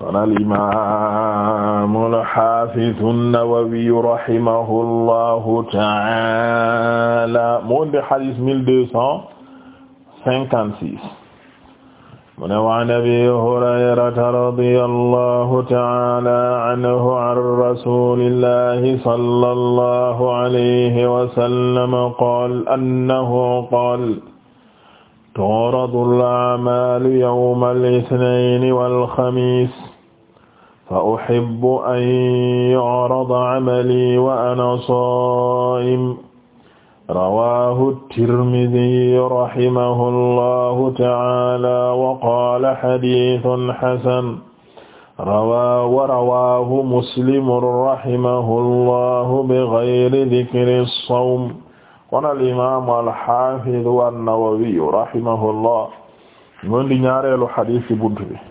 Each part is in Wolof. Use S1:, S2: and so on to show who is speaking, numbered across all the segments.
S1: kon alimamu alhafidu nnawawiyu rahimahu llahu taala mu wonde hadis mille deux cent cinquante six mu ne wa an abi hurayrata radiya allahu taala anhu an rasulillahi sallallahu alayhi wa sallam qaala annahu qaala tu'radu al-a'maalu yawma al-ithnayni wal-khamiis fa uhibbu an yu'rada amali wa ana saa'im rawaahu tirmidhi rahimahullahu ta'ala wa qaala hadiithun hasan rawaa wa rawaahu muslimun rahimahullahu bighayri dhikri as-sawm kon al-imaam al-haafiz an-nawawi rahimahullah ñoon di ñaareelu hadiis buntu bi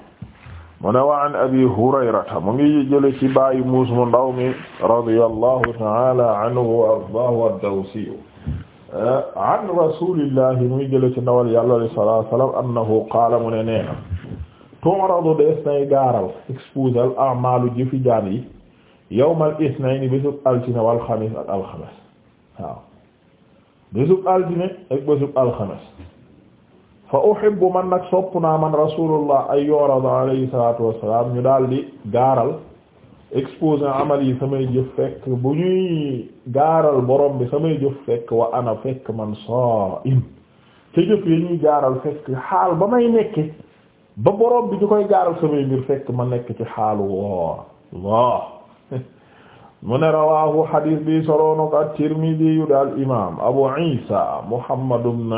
S1: mu ne wa an abi hurayrata mu ngi jële ci bàyyi muus mu ndaw mi radiyallahu ta'ala anhu wa ardaahu ad-dawsi an rasulillahi mu ngi jële ci ndawal yàlla alayhi salaatu wa salaam annahu qaala mu ne nee na tu'radu dees nay gaaral expose al a'maalu jëfi jaan yi yawmal isnayni bésub altine wal xamis ak alxames waaw bésub altine ak bésub alxames fa uhibbu man nag sopp naa man rasulullah ay yorada alayhi salatu wassalam ñu daal di gaaral exposé amal yi samay jëf fekk bu ñuy gaaral borom bi samay jëf fekk wa ana fekk man sa'im te jëf yi ñuy gaaral fekk xaal ba may nekk ba borom bi ñu koy gaaral samay mbir fekk ma nekk ci xaalu woor mu ne rawahu hadis bi soroonako at-Tirmidhi yu daal imam Abu Isa Muhammad ibn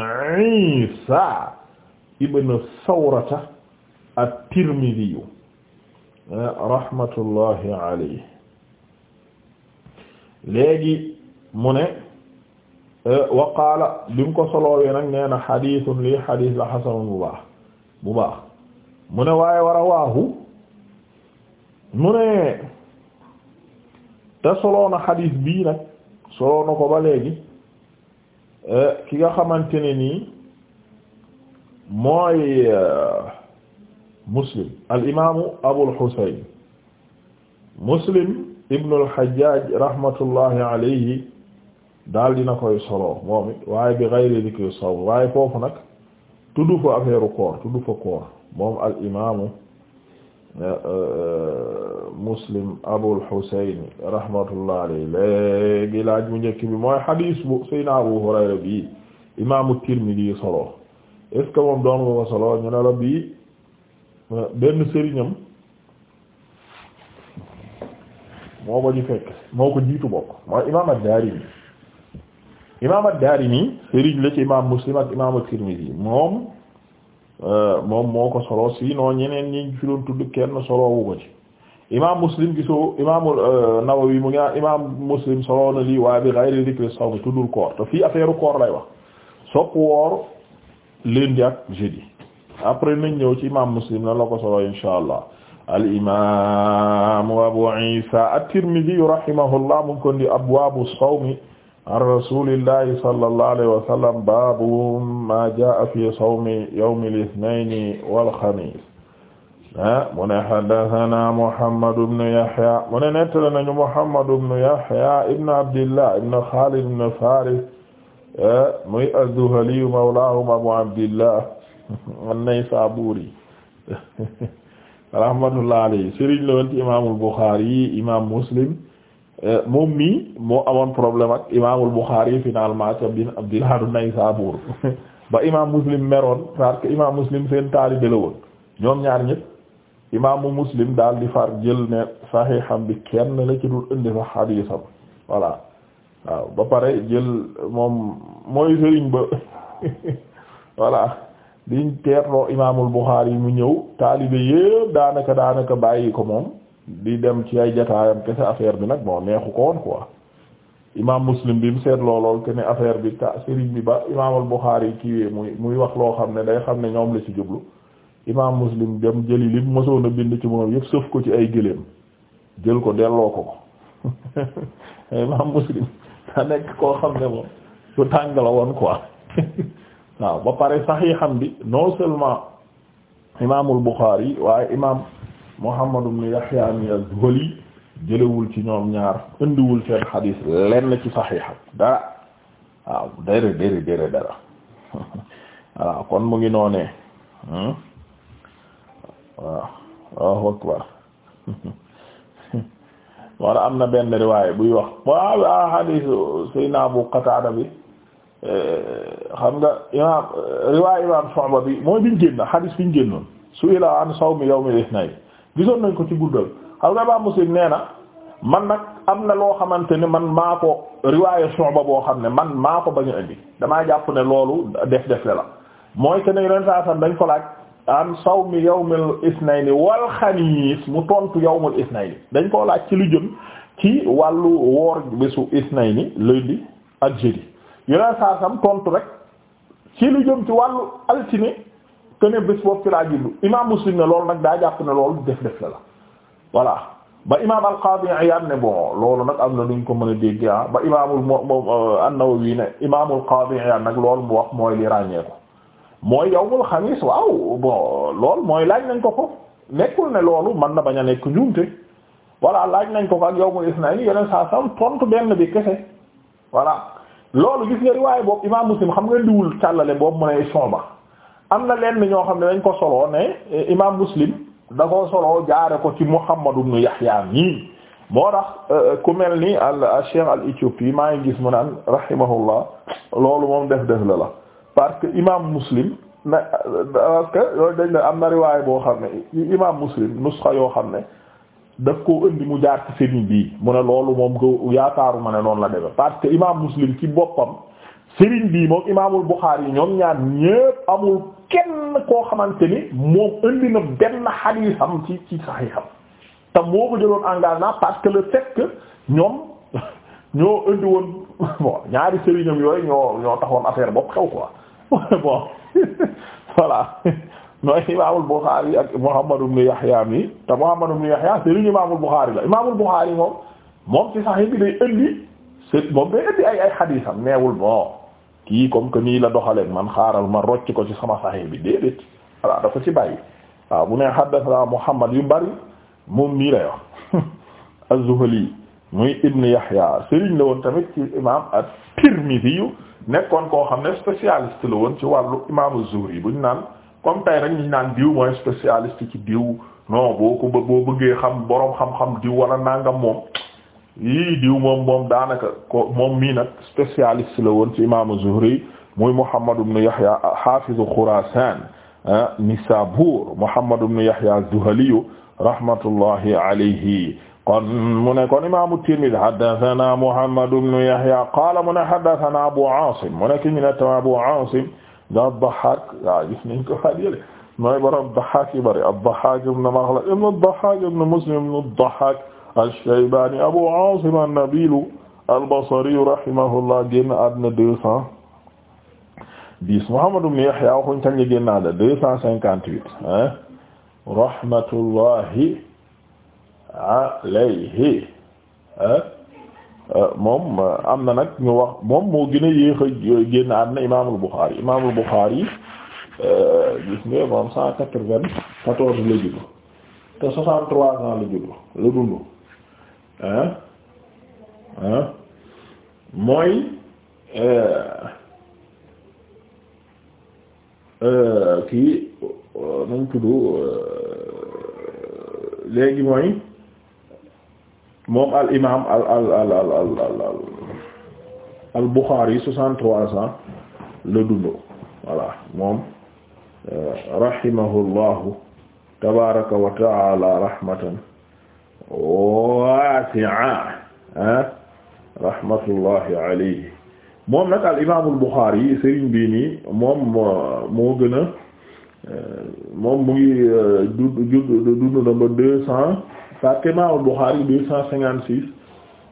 S1: Isa ibn Sawrata at-Tirmidhi rahmatullahi alayhi léegi mu ne wa qaala bi mu ko soloowee nag nee na xadiisun lii xadiis la xasanun bu baax bu baax mu ne waaye wara a waahu mu ne te soloo na xadiis bii nag soloo na ko ba léegi ki nga xamante ne nii mooy euh, muslim al imaamu Abul Husayn muslim ibnu al-Hajjaj rahmatullahi alayhi daal dina koy solo moom it waaye bi ghayri dhikri sawm waaye foofu nag tudd fa affaire koor tudd fa koor moom al imaamu euh, euh, muslim Abul Husayn rahmatullahi alayhi léegi laaj mu njëkk bi mooy hadis bu Seydina Abu Hurayra bi imaamu Tirmidhi solo. est ce que moom doon nga ko solo ñu ne la bii benn sëriñam moo ko ji fekk moo ko jiitu bokk mooy imaam ad-Daarimi imaam ad-Daarimi sëriñ la ci imaam Muslim ak imaam at-Tirmidhi moom euh, moom moo ko solo sinon ñeneen ñi fi doon tudd kenn solo wu ko ci Muslim gisoo imaam euh, Nawawi mu ngi naan imaam Muslim solo na lii waaye bi ghayri dhikri sawm tuddul koor te fii affaire koor lay wax sopp lundi ak jeudi après nañ ñëw ci imam muslim la la ko solo insha allah al imam abu isa at-tirmidhi rahimahullah mu ngi ko ndi abwaabu sawmi an rasulillahi sallallahu alayhi wa sallam baabu ma jaa fi sawmi yawmi al-ithnayni wal khamis mu ne haddathana Muhammad ibn Yahya mu ne nettali nañu Muhammad ibn Yahya ibn Abdillah ibn Khalid ibn Farith Eh, muy az-Zuhali mawlaahum Abu Abdillah an-Naysaburi rahmatullah alayhi sëriñ la woon ci imaamul Bukhari imaam Muslim eh, moom mii moo amoon problème ak imaamul Bukhari finalement ca bin Abdillah an-Naysabur ba imaam Muslim meroon parce que imaam Muslim seen taalibe la woon ñoom ñaar ñëpp imaamu Muslim daal di far jël ne saxiixam bi kenn la ci dul indi fa xadiisam voilà. waaw ba pare jël moom mooy sëriñ ba voilà diñ teerloo imaamul Buxaari yi mu ñëw taalibe yëpp daanaka daanaka bàyyi ko moom di dem ci ay jataayam kese affaire bi nag bon neexu ko woon quoi imaam Muslim bi mu seet loolool que ne affaire bi ta sëriñ bi ba imaamul Buxaari yi kiiwee muy muy wax loo xam ne day xam ne ñoom la ci jublu imaam Muslim dem jëli li mu mësoon a bind ci moom yëpp sëf ko ci ay gëléem jël ko delloo ko ko imaam Muslim daa nekk koo xam ne moom su tàng la woon quoi waaw ba pare saxiixam bi non seulement imaamul Buxaari waaye imaam Muhammad ibn Yahya az-Zuhli jëlewul ci ñoom ñaar indiwul seen xadiis lenn ci saxiixam dara waaw dere dere dere dara waaw kon mu ngi noonee hmm? waaw waaw akbar wala am na benn riwaay buy wax waa a ah, hadis sayna Abu Qatada bi eh, xam nga imam riwaay imam Shu'ba bi mooy biñ génn hadis biñ génnoon su'ila an sawmi yawmil ithnayn gisoon nañ ko ci guddal xam nga imam Muslim nee na man nag am na loo xamante ne man maa ko riwaayu Shu'ba boo xam ne man maa ko bañ a indi damaa jàpp ne loolu def def la mooy que ne dañ ko laaj. am sawmi yawmul isnayni wal xamiis mu tontu yow yawmul isnayni dañ koo laaj ci lu jëm ci wàllu woor bésu isnayni lundi ak jeudi yeneen saa sam tontu rek ci lu jëm ci wàllu altine te ne bés boobu ci laa jublu imaam muslim ne loolu nag daa jàpp ne loolu def def la la voilà ba imaam al-Qaadi Iyaad ne bon loolu nag am na luñ ko mën a dégg ah ba imaamul An-Nawawi ne imaamul Qaadi Iyaad nag loolu mu wax mooy li ràññee ko mooy yawmul xamis waaw bon lool mooy laaj nañ ko ko nekkul ne loolu mën na bañ a nekk njuumte voilà laaj nañ ko ko ak yawmul isnaani yeneen saa sam tontu benn bi kese voilà loolu gis nga riwaaye boobu imaam muslim xam nga ndiwul càllale boobu mu ne son ba am na lenn ñoo xam ne dañ ko soloo ne eh, imaam muslim da ko solo jaare ko ci muhammad ibn yahya nii moo tax eh, ku mel ni al cheikh al éthiopie maa ngi gis mu naan rahimahullah loolu moom def def la la parce que imam muslim na dañ ne am na boo xam ne imam muslim nusxa yoo xam ne daf koo indi mu jaar ci sëriñ bii mu ne loolu moom ko yaakaaruma ne noonu la demee parce que imam muslim ci boppam sëriñ bii moom imaamul Buxaari yi ñoom ñaar ñépp amul kenn koo xamante ni moom indi na benn xadiisam ci ci saxiixam te moo ko jëloon engagement parce que le fait ñoom ñoo indi woon bon ñaari sëriñam yooyu ñoo ñoo taxoon affaire bopp xew quoi bon voilà mooy imaamul Buxaari ak Muhammad ibn Yahya mi te Muhammad ibn Yahya sëriñ imaamul Buxaari la imaamul Buxaari moom moom ci Sahih bi day indi c'est moom day indi ay ay xadiisam neewul bon kii comme que nii la doxalee man xaaral ma rocc ko ci sama Sahih bi déedéet voilà da ko ci bàyyi waaw bu ne haddathana Muhammad yu bari moom nii lay wax az-Zuhli muy ibn Yahya sëriñ la woon tamit ci imaam at-Tirmidhi nekkoon koo xam ne spécialiste la woon ci wàllu imaamu Zuhri bu ñu naan comme tey rek ñu naan diw mooy spécialiste ci diw non boo ko boo bëggee xam boroom xam-xam diw wala nangam moom yii diw moom moom daanaka ko moom mii nag spécialiste la woon ci imaamu Zuhri muy Muhammad ibn Yahya hafizu Khurasan ah, Nisabur Muhammad ibn Yahya Zuhaliyu rahmatullahi alayhi kon mu ne kon imaamu Tirmidhi haddathana Muhammad ibn Yahya qaala mu ne haddathana Abu Asim mu ne ki ñu ne tam Abu Asim da Ad-Dahhak waaw gis nañ ko faa jëlee mooy borom Ad-Dahhak yu bëri Ad-Dahhak ibn Makhlad ibn Ad-Dahhak ibn Muslim ibn Ad-Dahhak Ash-Shaybani Abu Asim an-Nabil al-Basri rahimahullah génn àddina deux cent dix Muhammad ibn Yahya waxuñ kañ la génn àddina deux cent cinquante huit rahmatullahi alayhi ah, ah, moom ah, am na nag ñu wax moom moo gën a yéex a génn àddina imaamul Buxaari imaamul Buxaari gis nga moom cent quatre-vingt-quatorze la judd te soixante-trois ans la judd la dund mooy kii nañ tudd léegi mooy moom al imaam al al al al al al Bukhari soixante-trois ans la dund voilà moom euh, rahimahullahu tabaaraka wa ta'ala rahmatan waasi'a rahmatullahi alayhi moom nag al imaamul Bukhari sëriñ bii nii moom moo gën a euh, moom mu ngi euh, dund dund na ba deux cents parce que Imam Bukhari deux cent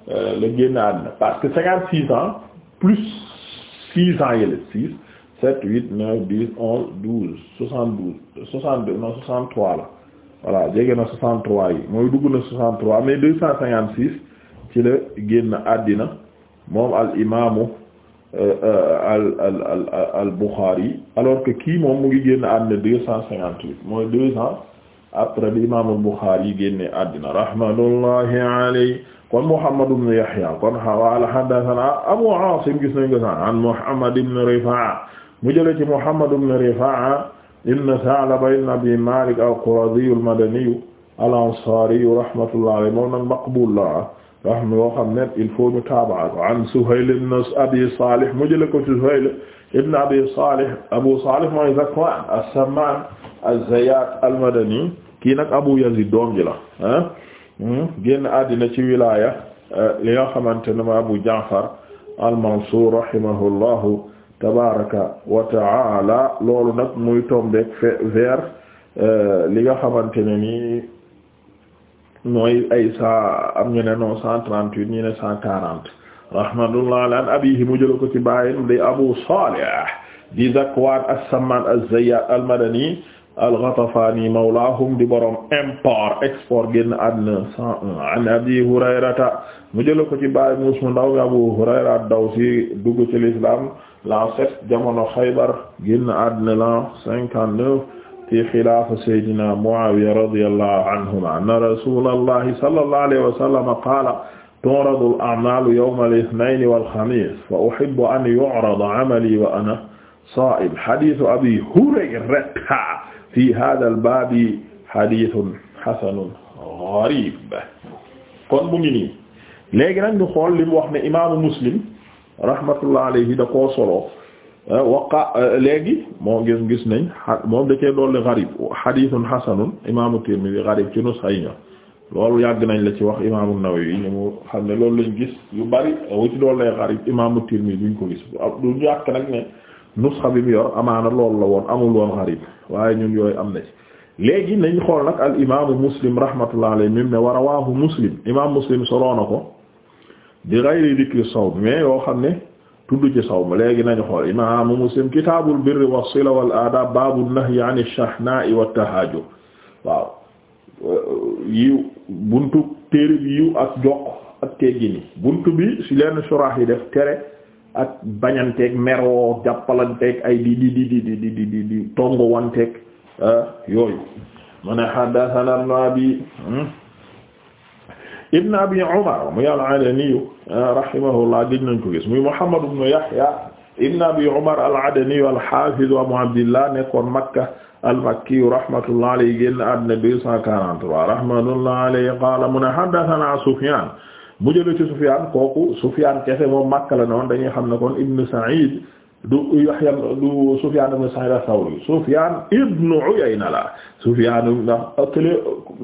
S1: euh, la génn àddina parce que cinquante six ans plus six ans yële six sept huit neuf dix onze douze soixante douze soixante soixante trois la voilà jege na soixante trois yi mooy dugg na soixante trois mais deux cent cinquante six ci la génn àddina moom al imaamu euh, euh, al al al al Bukhari alors que kii moom mu ngi génn àddina deux cent cinquante huit mooy deux ans après bi imam al-Bukhari génne àddina rahmatullahi alayhi kon Muhammad ibn Yahya kon xawaala haddathana Abu Asim gis nañ ko sax an Muhammad ibn Rifa'a mu jële ci Muhammad ibn Rifa'a ibn Tha'laba ibn Abi Malik al-Quradi al-Madani al-Ansari rahmatullahi alayhi moom nag maqbul la rahm yoo xam ne il faut ñu taabaa ko an Suhayl Abi Salih mu jële ko ci Suhayl ibn Abi Salih Abu Salih mooy Zakwan as-Samman az-Zayyat al-Madani kii nag Abu Yazid doom ji la ah hmm, génn àddina ci wilaya eh, li nga xamante ne ma Abu Ja'far al-Mansur rahimahullahu tabaraka wa ta'ala loolu nag muy tombeek vers eh, li nga xamante ne nii mooy ay saa am ñu ne non cent trente huit ñu ne cent quarante rahmatullah ala an abihi mu jëla ko ci bàyyam di Abu Salih di Zakwaan as-Sammaan az-Zayyaat al-Madani al-Ghatafani mawlaahum di borom import export génn àddina cent un an Abi Hurayrata mu jëla ko ci bàyyam muus mu ndaw mi Abu Hurayra ad-Dawsi dugg ci l'islam l'an sept jamono Xaybar génn àddina l'an cinquante neuf fi xilaafa sayyidina Muawiya radiyallahu anhuma anna rasulallahi sallallahu alayhi wa sallam qaala tu'radu al-a'maalu yawma al-ithnayni wal-khamiis fa uhibbu an yu'rada 'amalii wa ana saa'im hadiisu Abii Hurayrata fii haadhal baabi hadiisun hasanun ghariib kon mu ngi nii léegi nag ñu xool li mu wax ne imaamu Muslim rahmatullahi alayhi da koo solo Euh, waqa euh, léegi moo gis gis nañ moom da cee dolli gharib hadithun hasanun imaamu Tirmidhi gharib ci nus ay ñor loolu yàgg nañ la ci wax imaamu Nawawi ñu mu xam ne loolu lañu gis yu bari wu ci dollee gharib imaamu Tirmidhi duñ ko gis du ñàkk nag ne nusxa bi mu yor amaana loolu la woon amul woon gharib waaye ñun yooyu am na ci léegi nañ xool nag al imaamu Muslim rahmatullahi alayhi mim ne wa rawahu Muslim imaam Muslim soloon na ko bi ghayri dhikri sawm mais yoo xam ne. tudd ci sawm léegi nañu xool imaamu muslim kitaabul birri was-sila wal aadaab baabu nahyi ani shahnaa'i wat-tahaajur waaw yiw buntu téere bi yiw ak jokk ak teggini bunt bi si leen suraax yi def tere ak bañanteeg meroo jàppalanteeg ay di di di di di di di di tongo wanteeg ah, yooyu mu ne haddathana ibn abi umar muy al-adani rahimahullah gëj nañ ko gis muy muhammad ibn yahya ibn abi umar al-adani al-hafiz abu abdillah nekkoon makka al-makki rahmatullah alayhi génn àddina 243 rahmatullah alayhi qala mun haddathana sufyan mu jële ci sufyan kooku sufyan kese moom makka la noon dañuy xam ne kon ibn sa'id du Yahya du Sufyan ibn Sa'id as-Sawri Sufyan la Sufyan ndax kële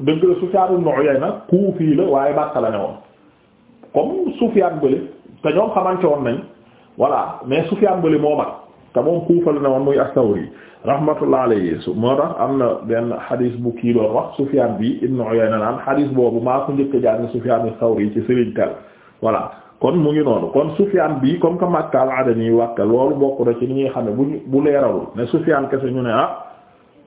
S1: dëgg la Sufyan ibn Uyayna Kufi la waaye Makka la ne woon ñoom xamante woon nañ wala mais Sufyan bële moo mag te moom Kufa la ne woon muy a sawri rahmatullah alayhi moo tax am na benn xadis bu kii wax Sufyan bi ibn Uyayna naan xadis boobu maa ko njëkk a jaar ne Sufyan as-Sawri ci kon mu ngi noonu kon Sufyaan bii comme que Makka al-Adani wàkka loolu bokk na ci ni ñuy xam ne bu bu leeralul ne Sufyaan kese ñu ne ah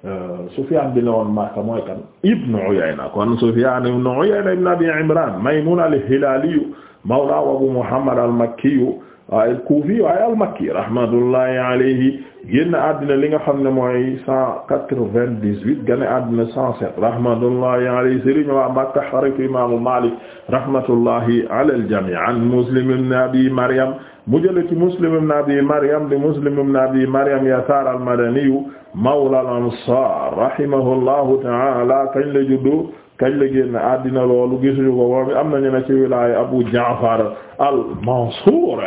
S1: euh, Sufyaan bi ne woon Makka mooy kan Ibnu Uyayna kon Sufyaan ibnu Uyayna ibnu Abi Imraan Maymuun al-Hilaali mawlaa Abu Muhammad al-Makki waaye al-Kufi waaye al-Makki rahmatullahi alayhi génn àddina li nga xam ne mooy cent quatre-vingt-dix-huit génn àddina cent sept rahmatullahi alayhi sëriñ waa Makka xaritu imaamu Maalik rahmatullahi ala al-jamii an Muslim ibn Abi Maryam mu jële ci Muslim ibn Abi Maryam di Muslim ibn Abi Maryam Yasaar al-Madaniyu mawla al-Ansaar rahimahullahu ta'ala kañ la juddu kañ la génn àddina loolu gisuñu ko moom am nañu ne ci wilaaya Abu Jaafar al-Mansuur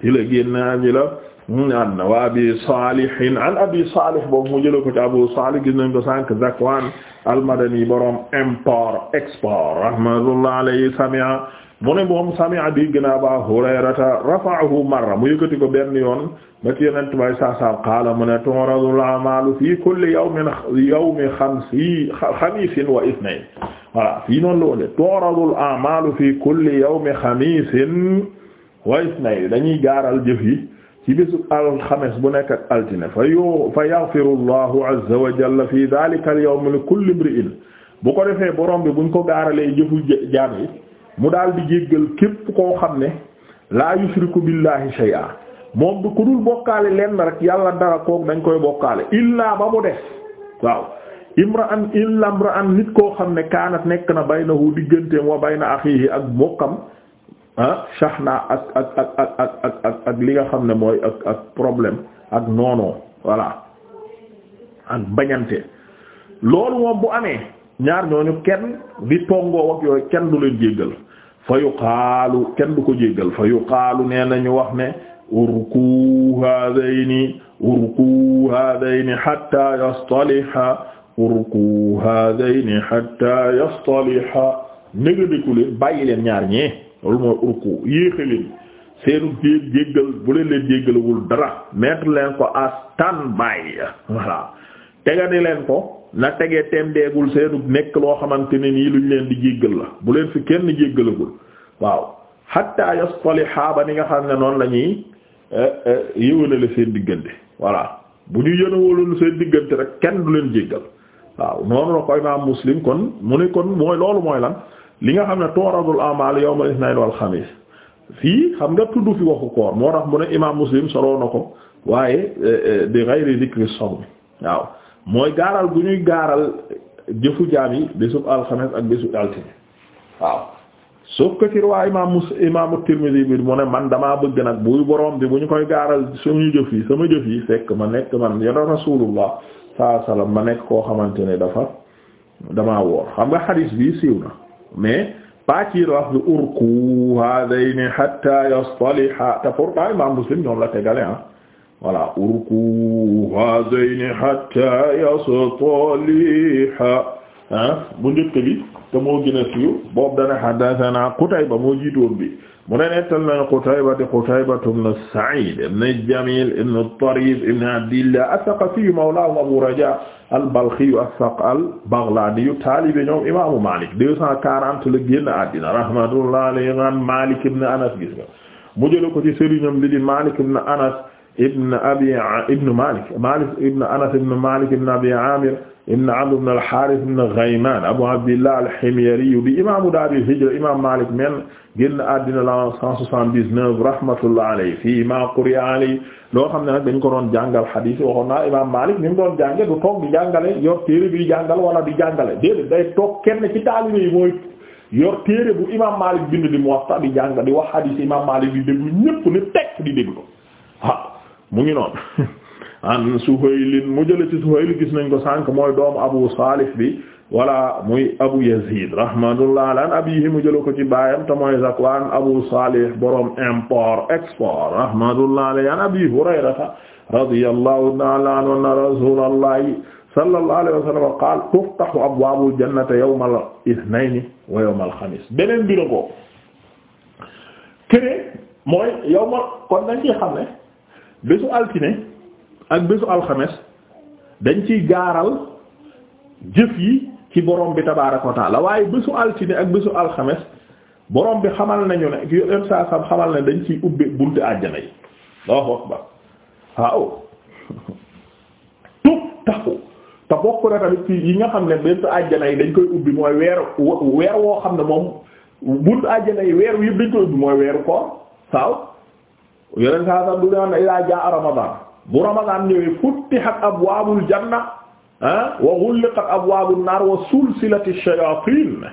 S1: ci la génn an Abi Salih an Abi Salih boobu mu jëlee ko ci Abu Salih gis nañ ko sànq Zakwan al-Madani borom import export rahmatullah alayhi sami'a mu ne moom sami'a dégg na Abaa Hurayrata rafa'ahu marra mu yëkkati ko benn yoon ba ci yeneen tubaab saa saa qaala mu ne tu'radul a'maalu fii kulli yawmin yawmi xamsi xamiisin wa ithnayn voilà fii noonu la woon de tu'radul a'maalu fii kulli yawmi xamiisin wa ithnayn dañuy gaaral jëf yi ci bésu alxames bu nekk ak altine fa yu fa yaghfiru Allahu azza wa jalla fii dhaalika al-yawmi li kulli imri'in bu ko defee borom bi buñ ko gaaralee jëfu jaam yi mu daal di jéggal képp koo xam ne laa yushriku billahi shay'a moom du ku dul bokkaale lenn rek yàlla dara koog dañ koy bokkaale illaa ba mu des waaw imra'an illa nit koo xam ne kaanat nekk na baynahu digganteem wa bayna axiihi ak bokkam ah, shahna ak ak ak ak ak li nga xam ne mooy ak ak problème ak noonoo voilà ak bañante loolu moom bu amee ñaar ñooñu kenn di tongoo ak yooyu kenn du leen jéggal fa yuqaalu kenn du ko jéggal fa yu yuqaalu nee nañu wax ne urku haadayni urku haadayni hatta yastaliha urku haadayni hatta yastaliha négadiku leen bàyyi leen ñaar ñee loolu mooy urku leen seenu jé jéggal bu leen leen jéggalawul dara mettre leen ko a stand by voilà leen ko na tegee teem deegul seenu nekk loo xamante ne nii lu luñ leen di jéggal la bu leen fi kenn jéggalagul waaw hatta yastaliha ba ni nga xam ne noonu la ñuy eh, eh, yëwénale seen diggante voilà bu ñu yënawalul seen diggante rek kenn du leen jéggal waaw noonu la ko imaam muslim kon mu ne kon mooy loolu mooy lan li nga xam ne tooradul amal yawmal ithnayn wal xamis fii xam nga tudd fi waxu koor moo tax mu ne imaam muslim soloo na ko waaye di eh, ghayri dhikri sawm waaw mooy gaaral bu ñuy gaaral jëfu jaam yi bésub alxames ak bésub altine waaw sauf que ci riwaay imaamu imaamu Tirmidhi bi mu ne man damaa bëgg nag buy borom bi bu ñu koy gaaral suñu jëf yi sama jëf yi fekk ma nekk man ya rasulullah sallallahu alayhi wasallam ma nekk koo xamante ne dafa damaa woor xam nga xadiis bi siiw na mais pas ci wax bi urku hadayni hatta yastaliha te pourtant imaam Muslim ñoom la tegale ah voilà urkuha zayni hatta yastaliha bu njëkk bi te moo gën a siiw boobu dana haddathana Qutayba moo jiitoon bi mu ne nettal na Qutayba di Qutayba ibn Sa'id Abu Raja al-Balkhi as-Saq al-Baghlani taalibe ñoom imaamu Malik deux cent quarante la génn àddina rahmatullah alayhi Malik ibn Anas gis mu jël ko ci sëriñam bi Malik ibn Anas ibn abi ibn malik malik ibn anas ibn malik ibn abi amir ibn amr ibn al-harith ibn ghayman abu abdillah al-himyari bi imamu dar al-hijra imam malik men génn àddina la 179 rahmatullah alayhi fii ma quriya alayhi loo xam ne nag dañ ko doon jàngal hadith waxoon naa imam malik ni mu doon jànge du toog di jàngale yor téere bi jàngal wala di jàngale déedéet day toog kenn ci taalibe yi mooy yor téere bu imam malik bind di Muwatta di jàng di wax hadith imam malik di déglu ñépp ni tekk di déglu waaw ah. mu ngi noonu an Suhayl mu jële ci Suhayl gis nañ ko sànq mooy doomu Abu Salih bi wala muy Abu Yazid rahmatullah alan abihi mu jële ko ci baayam te mooy Zakwan Abu Salih borom import export rahmatullah alayhi an Abi Hurayrata radiyallahu ta'ala anhu anna rasulallahi sallallahu alayhi wa sallam qaal tuftahu abwaabul jannati yawmal ithnayni wa yawmal xamis beneen biro ko kene mooy yawmal kon dañ ci xam ne bésu altine ak bésu alxames dañ ciy gaaral jëf yi ci borom bi tabaaraka wa taala waaye bésu altine ak bésu alxames borom bi xamal nañu ne ki yoon saa sam xamal na dañ ci ubbi buntu àjjana yi Allahu akbar waaw tub taxu te bokk na tamit yi nga xam ne buntu àjjana yi dañ koy ubbi mooy weer weer woo xam ne moom buntu àjjana yi weer wi yëpp dañ koy ubbi mooy weeru koor waaw yeneen saa sax du ne na ilaa jaa ramadan bu ramadan ñëwee futtihat abwaabul janna ah, wa ghulliqat abwaabun naar wa sulsilati shayatin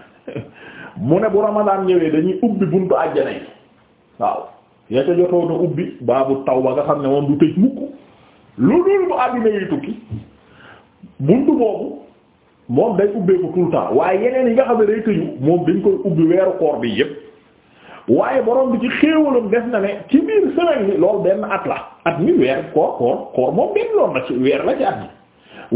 S1: mu ne bu ramadan ñëwee dañuy ubbi buntu àjjana yi waaw yaa ca jotoona ubbi baabu tawba nga xam ne moom du tëj mukk lu dul bu àddina yi tukki buntu boobu moom day ubbeeku tout waaye yeneen yi nga xam ne day moom dañ koy ubbi weeru koor bi yépp waaye borom bi ci xéewalam def na ne ci biir semaine bi benn at la at mi weer koor koor koor moom benn loon na ci weer la ci at mi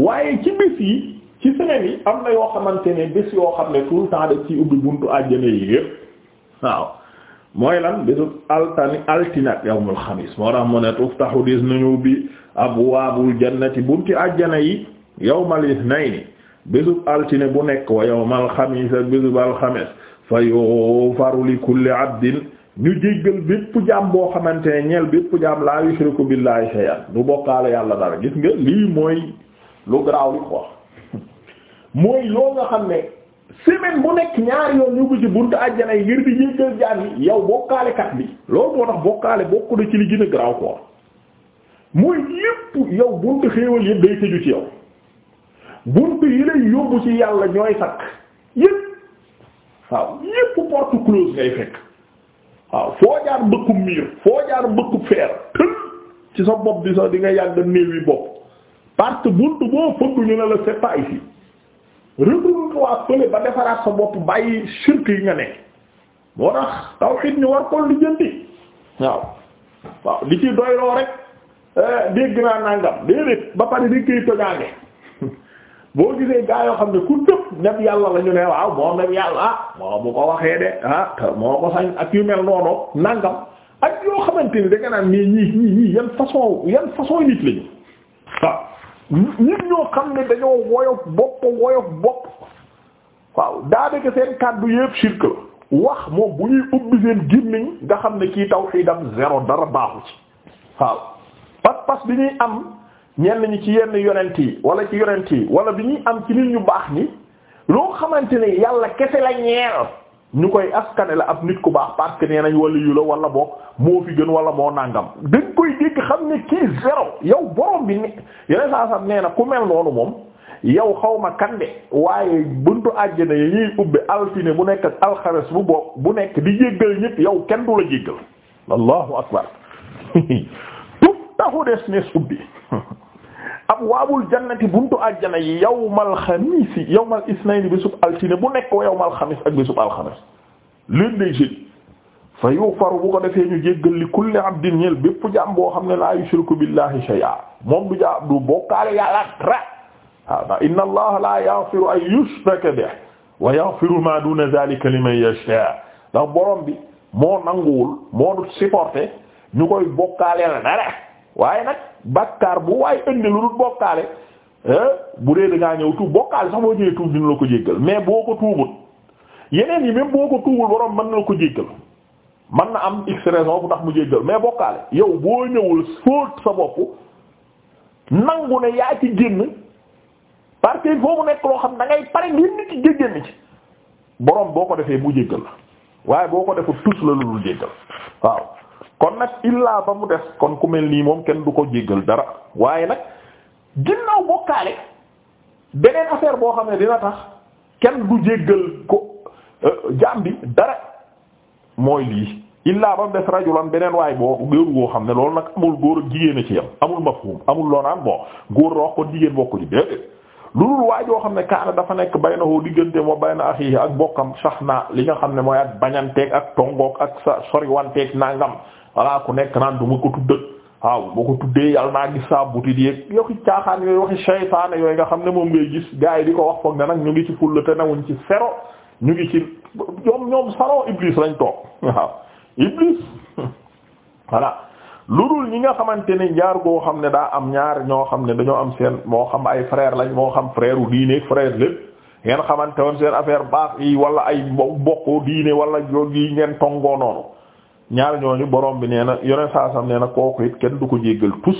S1: waaye ci bés yi ci semaine yi am na yoo xamante ne bés yoo xam ne tout le temps ci ubbi buntu àjjana yi yépp waaw mooy lan bésu altani altinat yawmul xamis moo tax mu ne tuftahu dis nañu bi abwaabul jannati bunti àjjana yi yawmal isnayni bésu altine bu nekk wa yawmal xamis ak bésu alxamis fa yufaru li kulli abdin ñu jéggal bépp jaam boo xamante ne ñeel bépp jaam laa yushriku billahi shay'an du bokkaale yàlla dara gis nga lii mooy lu garaaw li quoi mooy loo nga xam ne semaine bu nekk ñaari yoon ñu ko ci buntu àjjana yi ngir di jéggal jaam yi yow bokkaalekat bi loolu moo tax bokkaale bokku na ci li gën a garaaw quoi mooy yépp yow buntu xéewal yépp day tëju ci yow buntu yi lay yóbbu ci yàlla ñooy sakk waaw yépp porte close ngay fekk waaw foo jaar bëkkub miir foo jaar bëkkub feer tël ci sa bopp bi sax di nga yàgg néew yi bopp parce que bunt boo fëgg ñu la c'est pas ici retourne-toi fële ba defaraat sa bopp bàyyi shirk yi nga nekk moo tax tawhid ñu war ko lijjanti waaw waaw li ci doyloo rek eh, dégg naa nangam déedéet ba pare di koy boo gisee gaa yoo xam ne ku dëpp neb yàlla la ñu ne waaw moo neb yàlla ah moo bu ko waxee de ah moo ko sañ ak yu mel noonu nangam ak yoo xamante ni da nga naan mais ñii ñii yan façon yan façon nit lañu waaw nit ñoo xam ne dañoo woyof bopp woyof bopp waaw daa dëgg seen kàddu yépp shirk wax moom bu ñuy ubbi seen gémmiñ nga xam ne kii tawhidam zéro dara baaxu ci waaw pas-pas bi ñuy am. ñenn ñi ci yenn yonent yi wala ci yonent yi wala bi ñuy am ci nit ñu baax ni loo xamante ne yàlla kese la ñu koy askane la ab nit ku baax parce que nee nañ wala yu la wala boo moo fi gën wala moo nàngam dañ koy dégg yow borom bi ne yeneen saa sax nee na ku mel noonu moom yow xaw ma kande waaye buntu àjjana yi ñuy ubbi altine bu nekk ak alxames bu bopp bu nekk di jéggal ñëpp yow kenn du la jéggal allahu akbar tuf taxu des ne ubbi abwaabul jannati buntu àjjana yi yawmal xamiisi yawmal isnayni bésub altine bu nekk wa yawmal xamiis ak bésub alxamis lundi jeudi fa yufaru bu ko defee ñu jéggal li kulli abdin ñeel bépp jaam boo xam ne laa yushriku billahi shay'a moom du jaam du bokkaale yàlla dara inna allaha la yaghfiru an yushraka bihi wa yaghfiru ma duna zalika liman yasha ndax borom bi moo nanguwul moo du supporté ñu koy bokkaale la dara waaye nag bakkaar bu waaye indi lu dul bokkaale bu dee da ñëw tuub bokkaale sax boo ñëwee tuub dina la ko jéggal mais boo ko tuubut yeneen yi même boo ko tuubul borom mën na la ko jéggal mën na am x raison bu tax mu jéggal mais bokkaale yow boo ñëwul sóot sa bopp nangu ne yaa ci génn parce foo mu nekk loo xam na ngay pare ngir nit ci génn ci borom boo ko defee mu jéggal la waaye boo ko defut tus la lu dul jéggal waaw kon nag illaa ba mu def kon ku mel nii moom kenn du ko jéggal dara waaye nag ginnaaw bokkaale beneen affaire boo xam ne dina tax kenn du jéggal ko euh, jaam bi dara mooy lii illaa ba mu des rajulan beneen waay boo góor goo xam ne loolu nag amul góor ak jigéen a ci yam amul mafhum amul loonaan bon góor la wax kon waay joo xam ne kaana dafa nekk na baynahu diggante moo na axiihi ak bokkam sax naa li nga xam ne mooy ak bañanteeg ak tongoog ak sa soriwanteeg nangam voilà ku nekk naan du ko tudd waaw boo ko tuddee yàlla naa gis saa buti di caaxaan yooyu waxi saytaane yooyu nga xam ne moom ngay gis gars yi di ko wax foog ne nag ñu ngi ci fulla te nawuñ ci sero ñu ngi ci ñoom ñoom salon iblis lañ toog waaw ñi nga xamante ne ñaar goo xam ne daa am ñaar ñoo xam ne dañoo am seen moo xam ay frère lañ moo xam frère ngeen xamante woon seen affaire baax yi wala ay mbokku diine wala jog yi ngeen tongoo ñaar ñooñu borom bi nee na yoneen saasam nee na kooku it kenn du ko jéggal tus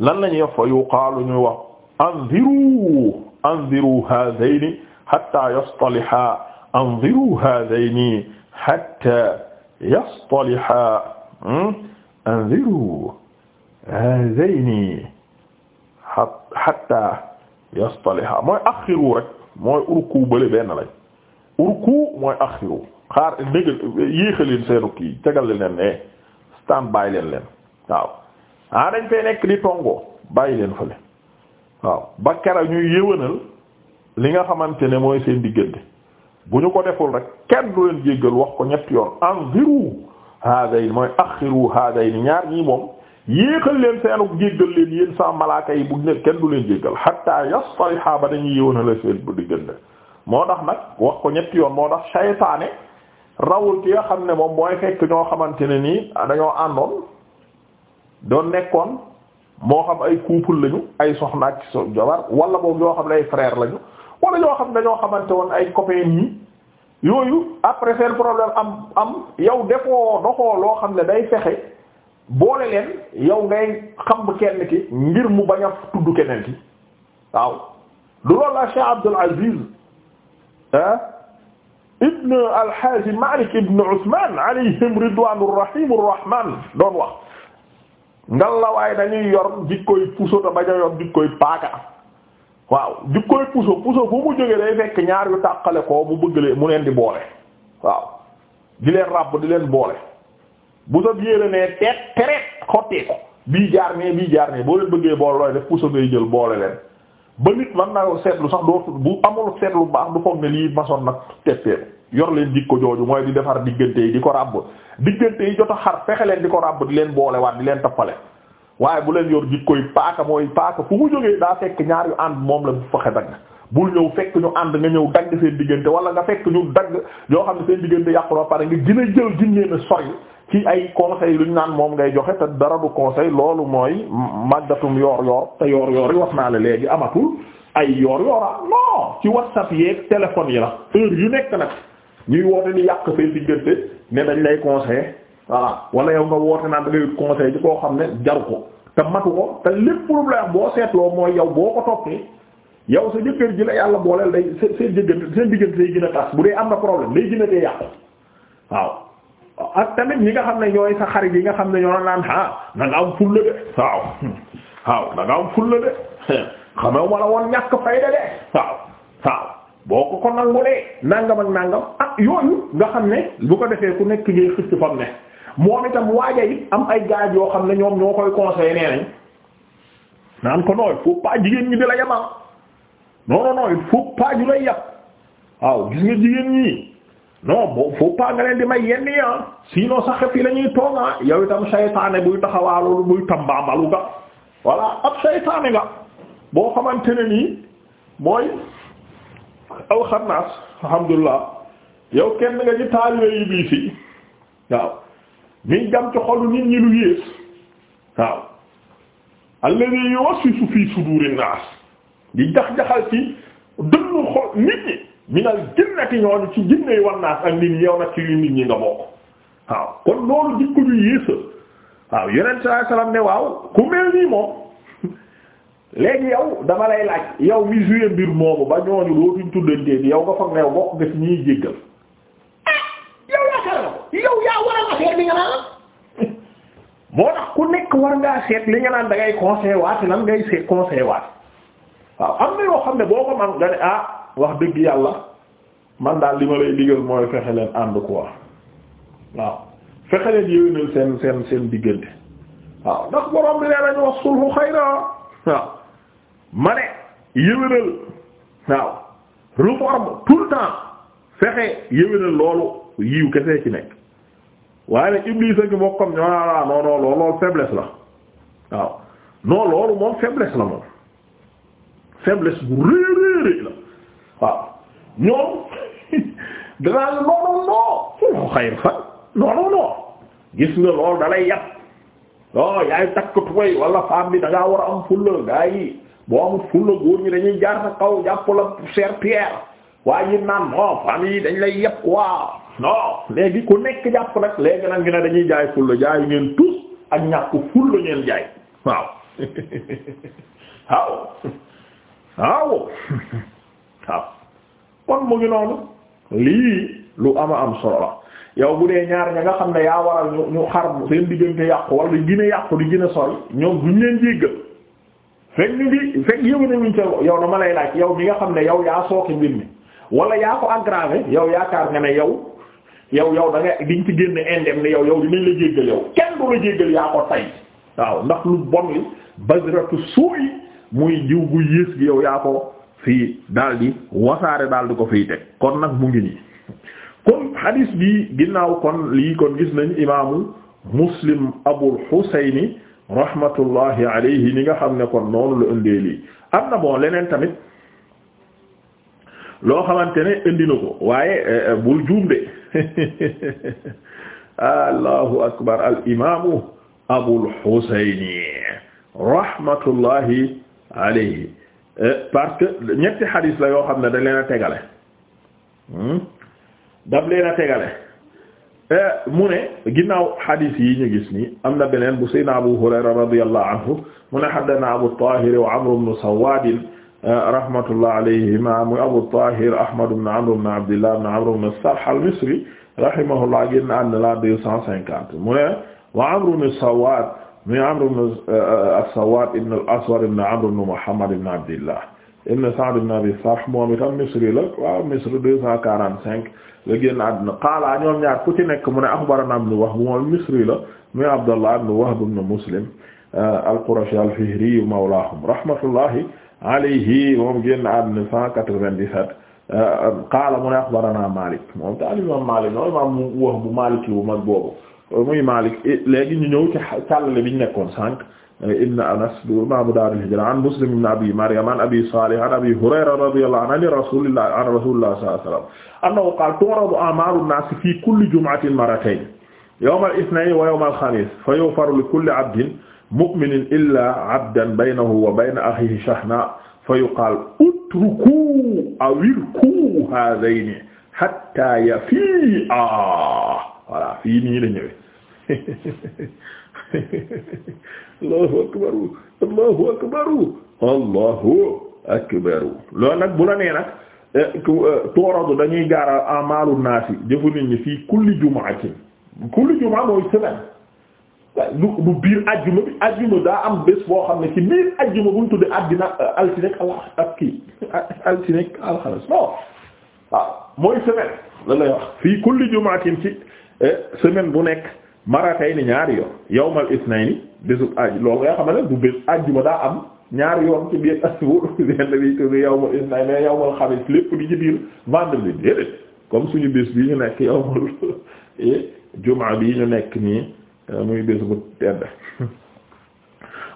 S1: lan la ñuy wax fa yuqaalu ñuy wax anziru anziru haadayni hatta yastaliha anziru haadayni hatta yastaliha hmm? anziru haadayni hatta yastaliha mooy axiru rek mooy urku bële benn lañ urku mooy axiru xaar dégg yéexaleen seenu kii tegal leen ne stand bàyyi leen leen waaw ah dañ fay nekk di tongoo bàyyi leen fële waaw ba kera ñuy yéwénal li nga xamante ne mooy seen diggante bu ñu ko deful rek kenn du leen jéggal wax ko ñett yoon anziru hadayn mooy axiru hadayn ñaar ñii moom yéexal leen seenu jéggal leen yéen sa malaaka yi bu ne kenn du leen jéggal hatta yastaliha ba dañuy yéwénal seen bu diggante moo tax nag wax ko ñett yoon moo tax saytaane rawul ki nga xam ne moom mooy fekk ñoo xamante ne nii dañoo àndoon doo nekkoon moo xam ay couple lañu ay soxna ak so jabar wala boobu yoo xam ne ay frère lañu wala ñoo xam ne dañoo xamante woon ay copains yi yooyu après seen problème am am yow defoo doxoo loo xam ne day fexe boole leen yow ngay xam kenn ki ngir mu bañ a tudd keneen ki waaw du loolu la Cheikh Abdul Aziz Ibn Alxaaji Malik Ibn Ousmane alayhim ridwaanu rahiimu rahmaan doon wax ngallaawaay dañuy yor jikkoy puso te bañ a yor jikkoy paaka waaw jikkoy puso puso fu mu jógee day fekk ñaar yu tàqale ko mu bëgg leen mu leen di boole waaw di leen ràbb di leen boole bu sa yére ne teet tereet xottee ko bii jaar nee bii jaar nee boo leen bëggee boole looy def puso ngay jël boole leen. ba nit man naa seetlu sax doo bu amul seetlu bu baax du foog ne lii maçon nag teppeeku yor leen jikko jooju mooy di defar diggante yi di ko ràbb diggante yi jot a xar fexe leen di ko ràbb di leen boolewaat di leen toppale waaye bu leen yor jikko yi paaka mooy paaka fu mu jógee daa fekk ñaar yu ànd moom la bu foxe dagg bul ñëw fekk ñu ànd nga ñëw dagg seen diggante wala nga fekk ñu dagg yoo xam ne seen diggante yàqu na pare nga gën a jël gin leen a ci ay conseil luñ naan moom ngay joxe te dara du conseil loolu mooy màggatum yoor yor te yor-yor wax naa la léegi amatul ay yor-yora non ci whatsapp yeeg téléphone yi la heure yu nekk nag ñuy woote ni yàq fay diggante ne dañ lay conseil voilà wala yow nga woote naan da ngay conseil ci koo xam ne jaru ko te matu ko te lépp problème boo seetloo mooy yow boo ko toppee yow sa jëkkër ji la yàlla booleel day seen seen jëkkër seen diggante day gën bu dee am na problème day gën a dee ak tamit ñi nga xam ne ñooy sa xarit yi nga xam ne ñoo naan ah na nga am fulla de waaw waaw na nga am fulla de xamew ma la woon ñàkk fayda de waaw waaw boo ko ko nangulee nangam ak nangam ah yooyu nga xam ne bu ko defee ku nekk ngay xëcc fam ne moom itam waaja it am ay gaaj yoo xam ne ñoom ñoo koy conseillé nee nañ naan ko nooy faut pas jigéen ñi di la yamal ah. non non non il faut lay yàpp waaw gis nga jigéen ñi non boo faut pas nga leen di may yenn yi ah sinon sax fii la ñuy ah. yow itam saytaane buy taxawaaloo buy tambaambalu nga voilà ab saytaane nga boo xamante ne nii mooy alxannaas alhamdulilah yow kenn nga ci taalibe yi bii fii waaw miy jam ci xolu nit ñi lu yées waaw alladhi yuwaswisu fi suduri naas di jax jaxal ci dënnu xol nit ñi. minal jinnati ñooñu ci jinne yi wan ak nit ñi yow nag ci nit ñi nga bokk waaw kon loolu jikko ju yées waaw yonent sallallahu alayhi wasallam ne waaw ku mel nii moom léegi yow dama lay laaj yow mi joué mbir moomu ba ñooñu dootuñ tuddantee bi yow nga foog ne yow bokk nga ci ñuy jéggal ah, yow yaakaar na ko yow yaa bi nga naan moo tax ku nekk war ngaa seet li nga naan dangay ngay conseil waat lan ngay seet conseil waat waaw am na yoo xam ne boo ko man nga ne ah wax dëgg yàlla man daal li ma lay digal mooy fexe leen ànd quoi waaw fexe leen yéwénal seen seen seen diggante waaw ndax borom bi nee nañu wax sulhu xayra waaw ma ne yéwénal waaw réforme tout le temps fexe yéwénal loolu yiw kese ci nekk waaye nag Iblis ak mbokkam ñoo naa ah non non loolu loolu faiblesse la waaw non loolu moom faiblesse la moom faiblesse bu rëy rëy rëy la. ñoom danaa la non non non xayr gis nga loolu dalay yàq non oh, yaay takk tubay wala femme bi da war a am fulla gaa boo amul fulla góor ñi dañuy jaar sa kaw jàpp la pierre waaye ñu naan non femme dañ lay yàq waa non léegi ku nekk jàpp nag léegi nag dañuy jaay fulla jaay ngeen tous ak ñàkk fulla ngeen jaay waaw waaw waaw waaw. kon mu ngi noonu lii lu ama am solo la yow bu dee ñaar ña nga xam ne yaa waral ñu ñu xar seen diggante yàqu wala gën a yàqu di gën a sori ñoom duñ leen jéggal fekk ñu ngi fekk yëngu nañu ñu ca yow dama lay laaj yow bi nga xam ne yow yaa sooke mbir mi wala yaa ko aggravé yow yaakaar nga ne yow yow yow da nga diñ ci génne indemne yow yow dinañ la jéggal yow kenn du la jéggal yaa ko tay waaw ndax lu bon li basratu suuy muy jiw gu yées gi yow yaa fii daal di wasaare daal ko fiy teg kon nag mu ngi nii kon hadis bi ginnaaw kon lii kon gis nañ imaamu muslim abul xusayni rahmatullahi alayhi ni nga xam ne kon noonu la indee am na bon leneen tamit loo xamante ne indi ko waaye eh, bul juum de allahu akbar al imaamu abul rahmatullahi alayhi Euh, parce que ñetti la yoo xam ne da leen a tegale hmm? daf leen a tegale euh, mu ne ginnaaw yi ñu am na beneen bu saydna Abu Hurayra radiyallahu anhu mu ne haddana Abu Tahir wa Amr ibn Sawwad euh, rahmatullah alayhima mu Abu Tahir Ahmad ibn Amr ibn Abdillah ibn Amr ibn Sarh al-Misri rahimahullah génn ànd la deux cent cinquante mu ne wa Amr ibn Sawwad muy Amr ibn euh, as-Sawwaad ibn al-Aswad ibn Amr ibn Muhammad ibn Abdillah ibn Sa'd ibn Abi Sarh moom itam Misri la waaw Misri deux cent quarante-cinq la génn àdduna qaala ñoom ñaar ku ci nekk mu ne axbaranaa ibn Wahb moom Misri la muy Abdullah ibn Wahb ibn Muslim euh, al-Qurashi al-Fihri mawlaahum rahmatullahi alayhi moom génn àdduna cent quatre-vingt-dix-sept euh, qaala mu ne axbaranaa Maalik moom taal imaam Maalik noonu imaam Wahb Maaliki bu mag boobu muy Malik léegi ñu ñëw ci càllale biñ nekkoon sànq ibn Anas du imamu daaril hijra an Muslim ibn Abi Maryam an Abi Salih an Abi Hurayra radiyallahu anhu rasulillah an rasulillah sallallahu alayhi wasallam annahu qala tu'radu a'malu an-nas fi kulli jum'atin marratayn yawma al-ithnayn wa yawma al-khamis fa yughfaru li kulli 'abdin mu'minin illa 'abdan baynahu wa bayna akhihi shahna fa yuqalu utruku aw irku hadhayni hatta yafi'a voilà fii nii la ñëwee allahu akbaru allahu akbaru allahu nag bu la nee nag eh, eh, tooradu dañuy gaara amaalu naasi jëfu nit ñi fii kulli jumaatin kulli jumaa mooy semaine du biir ajjuma bi ajjuma daa am bés boo xam ne ci biir ajjuma bu ñu tuddee àddina altinek al ak alxames non waaw mooy semaine la lay wax jumaatin ci eh, semaine bu nekk maratay ni ñaari yoon yawmal isnayni bésub ajj loolu nga xam ne du bés ajjuma daa am ñaari yoon ci biir asbu benn bi tudd yawmal isnayni mais yawmal ci biir vendredi déedéet comme suñu bés bi ñu nekk yawmal eh, jumaa bi ñu nekk nii eh, muy bés bu tedd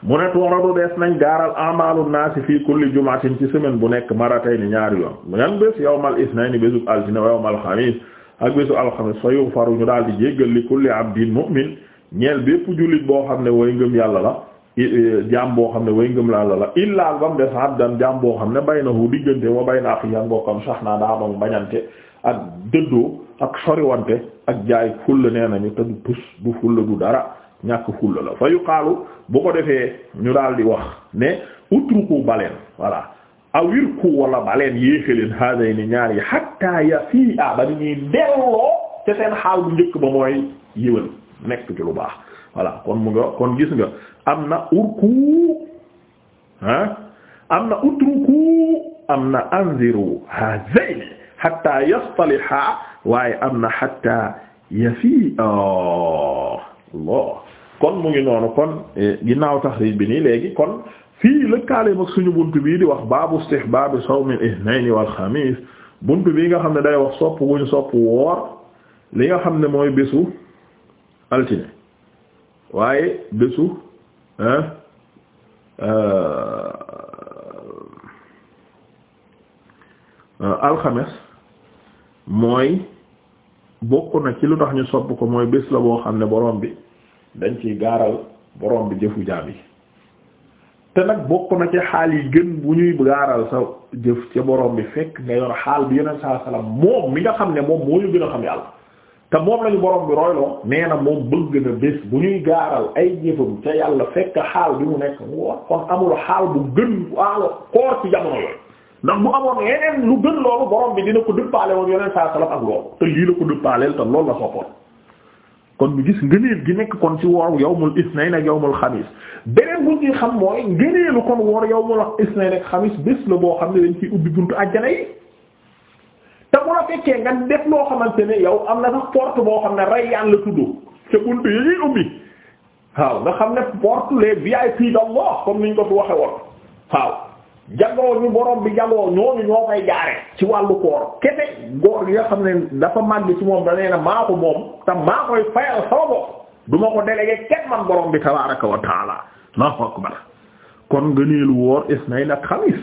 S1: mu ne tooradu dees nañ gaaral amalu naasi fii kulli jumaatin ci semaine bu nekk maratay ni ñaari yoon yan bés yawmal isnayni bésub altine yawmal xamis ak bésu alxamis fa yughfaru ñu daal di jéggal li kulli abdin mu'min ñeel bépp jullit boo xam ne way ngëm yàlla la e, jaam boo xam ne way ngëm yàlla la illaa ba mu des abdan jaam boo xam ne na baynahu diggante bay bayna axi ak mbokkam sax naa daa moom bañante ak dëddoo ak soriwante ak jaay fulla nee nañu te du tus du fulla du dara ñàkk fulla la fa yuqaalu bu ko defee ñu daal di wax ne utruku baleen voilà awir ku wala baleen yéexaleen haday ni ñaar yi hatta ya fii a ba ñuy delloo te seen xaal bu njëkk ba mooy yiwal nekk ci lu baax voilà kon mu nga kon gis nga am na urku ah am na utruku am na anziru haday hatta yastaliha waaye am na hatta ya fii Allah kon mu ngi noonu kon eh, ginnaaw taxriij bi nii léegi kon fii lëkkaaleem ak suñu bunt bii di wax baabu istihbaabi sawmi al-ithnayn wal-xamiis bunt bii nga xam ne day wax sopp wuñ sopp woor li nga xam ne mooy bésu altine waaye bésu hein euh, euh, alxames mooy bokk na ci lu tax ñu sopp ko mooy bés la boo xam ne borom bi dañ ciy gaaral borom bi jëfu jaam yi te nag bokk na ci xaal yi gën bu ñuy gaaral sa jëf ca borom bi fekk nga yor xaal bi yeneen saa salaam moom mi nga xam ne moom moo ñu gën a xam yàlla te moom lañu borom bi royloo nee na moom bëgg na bés bu ñuy gaaral ay jëfam ca yàlla fekk xaal bi mu nekk woon kon amul xaal bu gën waalo koor ci jamono yooyu ndax bu amoon yeneen lu gën loolu borom bi dina ko dëppaale woon yeneen saa salaam ak loolu te lii la ko dëppaaleel te loolu la soppoon kon ñu gis ngëneel gi nekk kon ci woor yawmul isnayn ak yawmul xamis beneen bu ñuy xam mooy ngëneelu kon woor yawmul isnayn ak xamis bés la boo xam ne dañ ciy ubbi buntu àjjana yi te bu la fekkee nga def loo xamante ne yow am na sax porte boo xam ne Rayyan la tudd ca buntu yi ñuy ubbi waaw nga xam ne porte les VIP d'Allah comme niñ ko fi waxee woon waaw jagoo ñu borom bi jagoo ñooñu ñoo koy jaare ci wàllu koor kese góor gi nga xam ne dafa màgg ci moom da nee na moom te maa fayal sama bopp du ma ko délégué kenn man borom bi tabaraka wa taala Allahu akbar kon ngëneelu woor isnayn ak xamis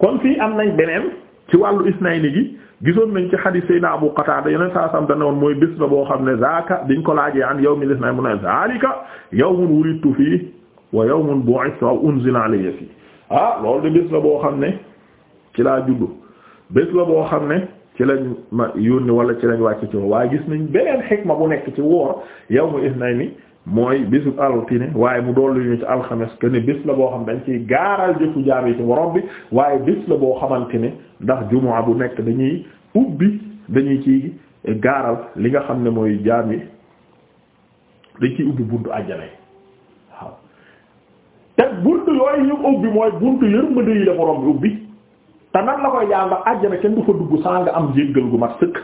S1: kon fii am nañ beneen ci wàllu isnayn gi gisoon nañ ci xadiis Seydina Abu Qatada yeneen saa sam da woon mooy bés la boo xam ne zaaka biñ ko laajee an yawmil isnayn mu ne zaalika yow wulidtu fii wa fii ah loolu de bés la boo xam ne ci laa juddu bés la boo xam ne ci lañ ma yónni wala ci lañ wàcc ci waaye gis nañ beneen xikma bu nekk ci woor na isnayni mooy bésu altine waaye mu dolli ñu ci alxemes que ne bés la boo xam dañ ciy gaaral jëfu jaam yi ci borom bi waaye bés la boo xamante ne ndax jumaa bu nekk dañuy ubbi dañuy ci gaaral li nga xam ne mooy jaam yi dañ ciy ubbi buntu àjjana te buntu yooyu ñu ubbi mooy buntu yërmande yi la borom bi ubbi te nan la koy yàlla àjjana kenn du fa dugg saa nga am jéggal gu mat sëkk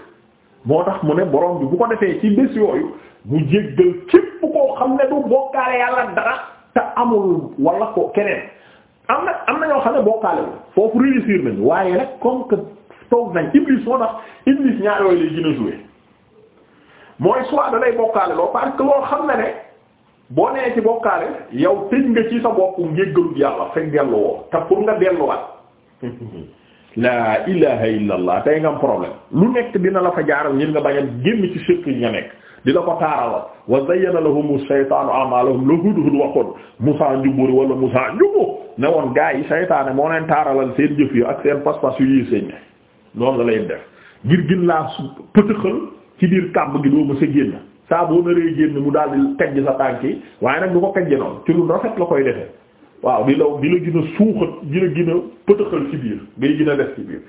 S1: moo tax mu ne boroom bi bu ko defee ci bés yooyu mu jéggal képp koo xam ne du bokkaale yàlla dara te amul wala ko keneen am na am na ñoo xam bokkaale wu foofu réussir nañu waaye nag comme que nañ Iblis moo tax Iblis ñaar yooyu lay gën a jouer mooy soit da lay bokkaale loo parce que xam ne ne. boo nee ci bokkaale yow tëj nga ci sa bopp njéggalub yàlla fekk dellu woo te pour nga delluwaat laa ilaha illa allah tey nga problème lu nekk dina la fa jaaral ngir nga bañ a génn ci sirk yi nga nekk di la ko taarala wa zayyana lahum shaytaanu a'maalahum la hudhud waxoon Musaa Njubur wala Musaa Njubur ne woon gaa yi saytaane moo leen taaralal seen jëf yi ak seen pas-pas yu yi seen noonu la lay def ngir gën laa pëtëxal ci biir kàmb gi doo mës a génn saa boo naree génn mu daal teg kajj sa tànk yi waaye nag du ko kajje noonu ci lu rafet la koy defee waaw di law di la gën a suuxat di la gën a pëtëxal ci biir ngay gën a def ci biir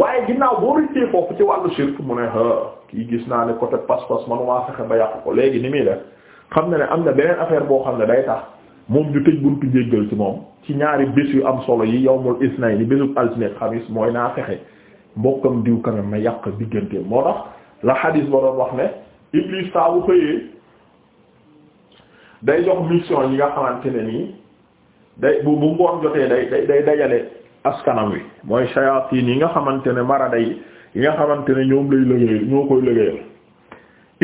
S1: waaye ginnaaw boo rëccee foofu ci wàllu shirk mu ne ha kii gis naa ne côté pas-pas manumaa fexe ba yàq ko léegi ni muy def xam na ne am na beneen affaire boo xam ne day tax moom du tëj buntu jéggal ci moom ci ñaari bés yu am solo yi yawmul isnay ni bésub altiné xamis mooy naa fexe mbokkam diw kanam ma yàq diggante moo tax la Iblis saa bu xëyee day jox mission yi nga xamante nii day bu bu ngoon jotee day dajale askanam wi mooy shayatin yi nga xamante ne marada yi nga xamante ne ñoom lay lëgëyal ñoo koy lëgëyal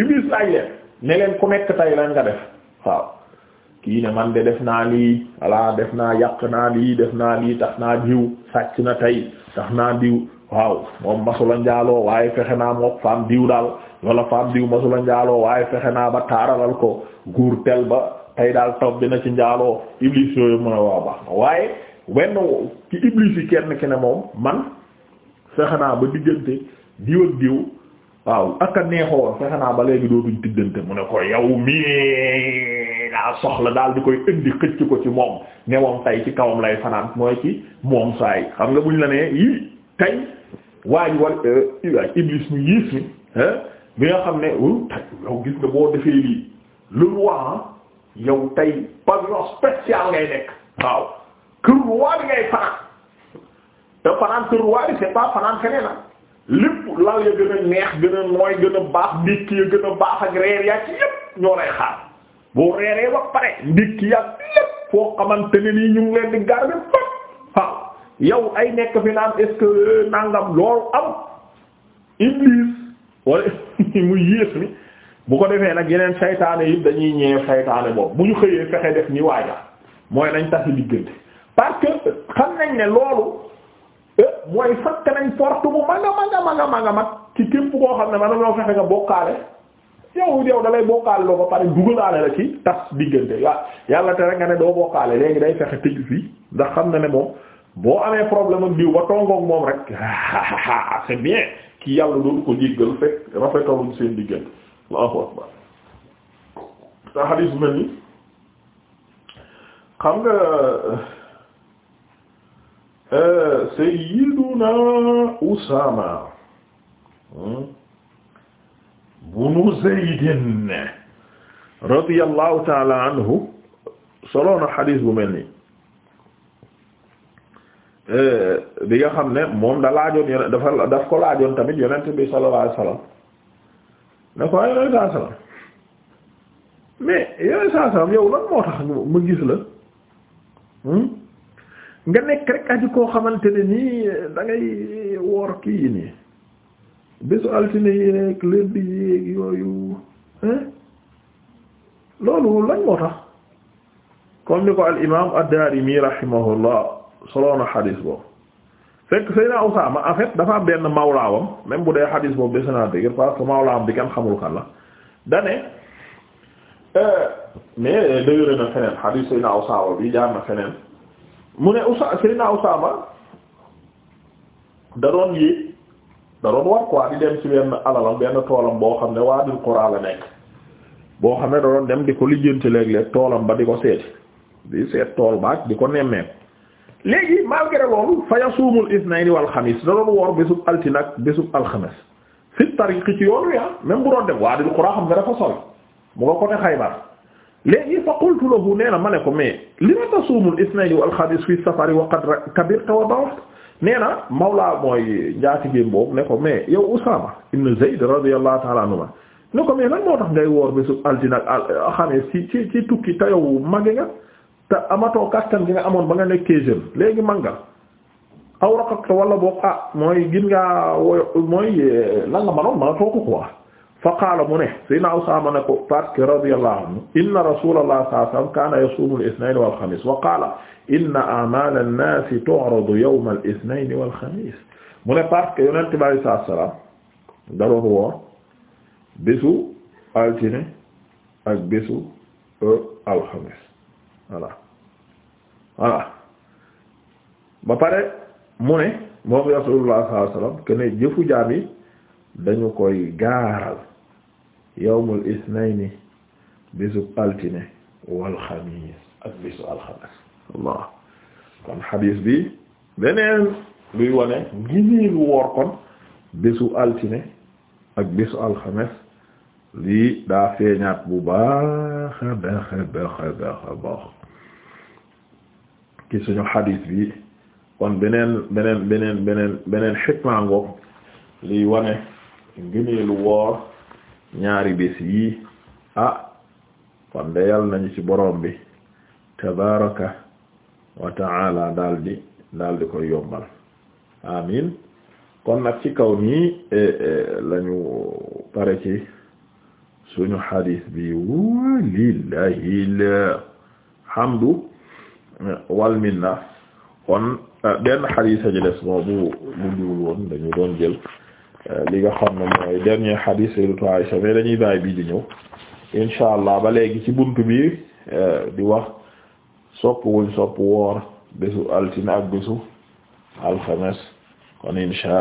S1: Iblis laaj leen ne ku nekk tay lañ nga def waaw kii ne man de def naa lii walla def naa yàq naa lii def naa lii tax naa diw sàcc na tey tax naa diw waaw moom masula njaaloo waaye fexe naa mook faam diw daal wala faam diw masula njaaloo waaye fexe naa ba taaralal ko guur tel ba tey daal toog dina ci njaaloo iblis yooyu mën a waaw baax na waaye wenn ci iblis yi kenn ki ne moom man fexe naa ba diggante diw ak diw waaw ak a neexoon fexe naa ba léegi dootuñ diggante mu ne ko yow mii daa soxla daal di koy indi xëcc ko ci moom ne moom tey ci kawam lay fanaan mooy ci moom saa yi xam nga buñ tey waa ji euh, iblis mu yiis mi bi nga xam ne tey yow gis nga boo defee lii le roi yow tey pavillon spécial ngay nekk waaw kër roi bi ngay fanaan te fanaan kër roi bi c'est fanaan feneen nag lépp lal ya gën a neex gën a nooy gën a baax ndékki ya gën a baax ak reer yaa ci yépp ñoo lay xaar boo reeree ba pare ndékki yaa lépp foo xamante ne nii ñu leen di garder ba waaw yow ay nekk fi naan est nangam loolu am iblis wala mu yées mi bu ko defee nag yeneen saytaane yi dañuy ñëw saytaane boobu bu ñu xëyee fexe def ni waaja mooy nañ tasi diggante parce que xam nañ ne loolu eh, mooy fakk nañ porte bu mag a mag a mag a mag a ci képp koo xam ne man dañoo fexe nga bokkaale yow yow da lay bokkaale loo ba pare dugalaale la ci tas diggante waaw yàlla te rek nga ne doo bokkaale léegi day fexe tëju fii ndax xam na ne moom. boo amee problème ak diw ba tongoog moom rek c'est bien ki yàlla dootu ko jéggal fekk rafetaluñ seen diggante Allahu akbar ta xadiis bu mel ni xam nga euh, sayyiduna Usaama hmm, bunu Zaydin radiyallahu ta'ala anhu soloona xadiis bu mel ni Euh, bi nga xam ne moom da laajoon yonent dafa daf ko laajoon tamit yonent bi sallallahu alayhi mais yonent saa sallam yow lan moo tax ma gis la hmm? nga nekk rek aji koo xamante ne nii da ngay woor kii yi nii bésu altine yi nekk lundi yéeg yooyu loolu lan moo tax comme ni ko al imam ad-Daarimi soloon na xadis boobu fekk Seydina Usaama en fait benn mawlaawam même bu dee xadis boobu des naa dëgg parce mawlaawam bi kenn xamul kan la dane euh, mais dëgëre na feneen xadis Seydina Usaama bi jaar na feneen mu ne Usa Seydina Usaama da doon yéeg da doon war quoi di dem ci benn alalam benn toolam boo xam ne waa Quraa la nekk boo xam ne da doon dem di ko lijjanti léeg-léeg toolam ba di ko seeti di seet tool baag di ko nemmeeku léegi malgré loolu fa yasuumul isnayni wal xamis da doon woor bésub altine ak bésub alxames fi tariqi ci yoonu yaa même bu doon dem waadil Quraa xam nga dafa sori mu nga côté Xaybar léegi fa qultu lahu nee na ma ne ko mais li ma tasuumul isnayni wal xamis fi safari wa qad kabirta wa da'afta nee na Mawla mooy njaatigéem boobu ne ko mais yow Usaama ibn Zayd radiyallahu ta'ala anhuma ne ko mais lan moo tax ngay woor bésub altine alxames ci ci tukki te yow màgg nga. te amatoo kàttan gi nga amoon ba nga nekkee jeune léegi mag nga aw raqat wala boog ah, mooy gin ngaa mooy eh, la nga manoon manatoo ko quoi fa mu ne sayna Usaama ne ko parce que radiyallahu anhu inna rasulallah sallallahu alayhi wa sallam kaana yasuumu al-ithnayn wal-xamiis wa qaala inna a'maala an-naasi tu'radu altine ak bésu euh, alxamis voilà voilà ba pare mu ne moom rasulullah sallallahu alayhi wasallam jëfu jaam yi dañu koy gaaral yawmul isnayni bisu altine wal xamiis ak bisu alxames kon xadiis bi beneen luy wone nginiilu woor kon bisu altine ak bisu alxames lii daa feeñaat bu baax baax baax baax ci suñu xadis bi kon beneen beneen beneen beneen beneen xikma ngoog liy wane ngëneelu woor ñaari bés yii ah kon de yal nañu ci borom bi tabaraka wa taala daldi daldi koy yombal amin kon nag ci kaw nii eh, eh, lañu pare ci suñu xadis bi walillahi alhamdu wal minna kon euh, benn xadis aji des boobu mujjul woon dañu doon jël euh, li nga xam ne mooy dernier xadis sayyidatu Aisha mais dañuy bàyyi bii di ñëw insha allah ba léegi ci bunt bi euh, di wax sopp wuñ sopp woor bésu altine ak bésu alxames kon insha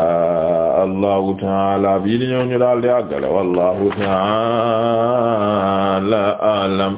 S1: allahu taala bii di ñu daal di àggale wallahu taala alam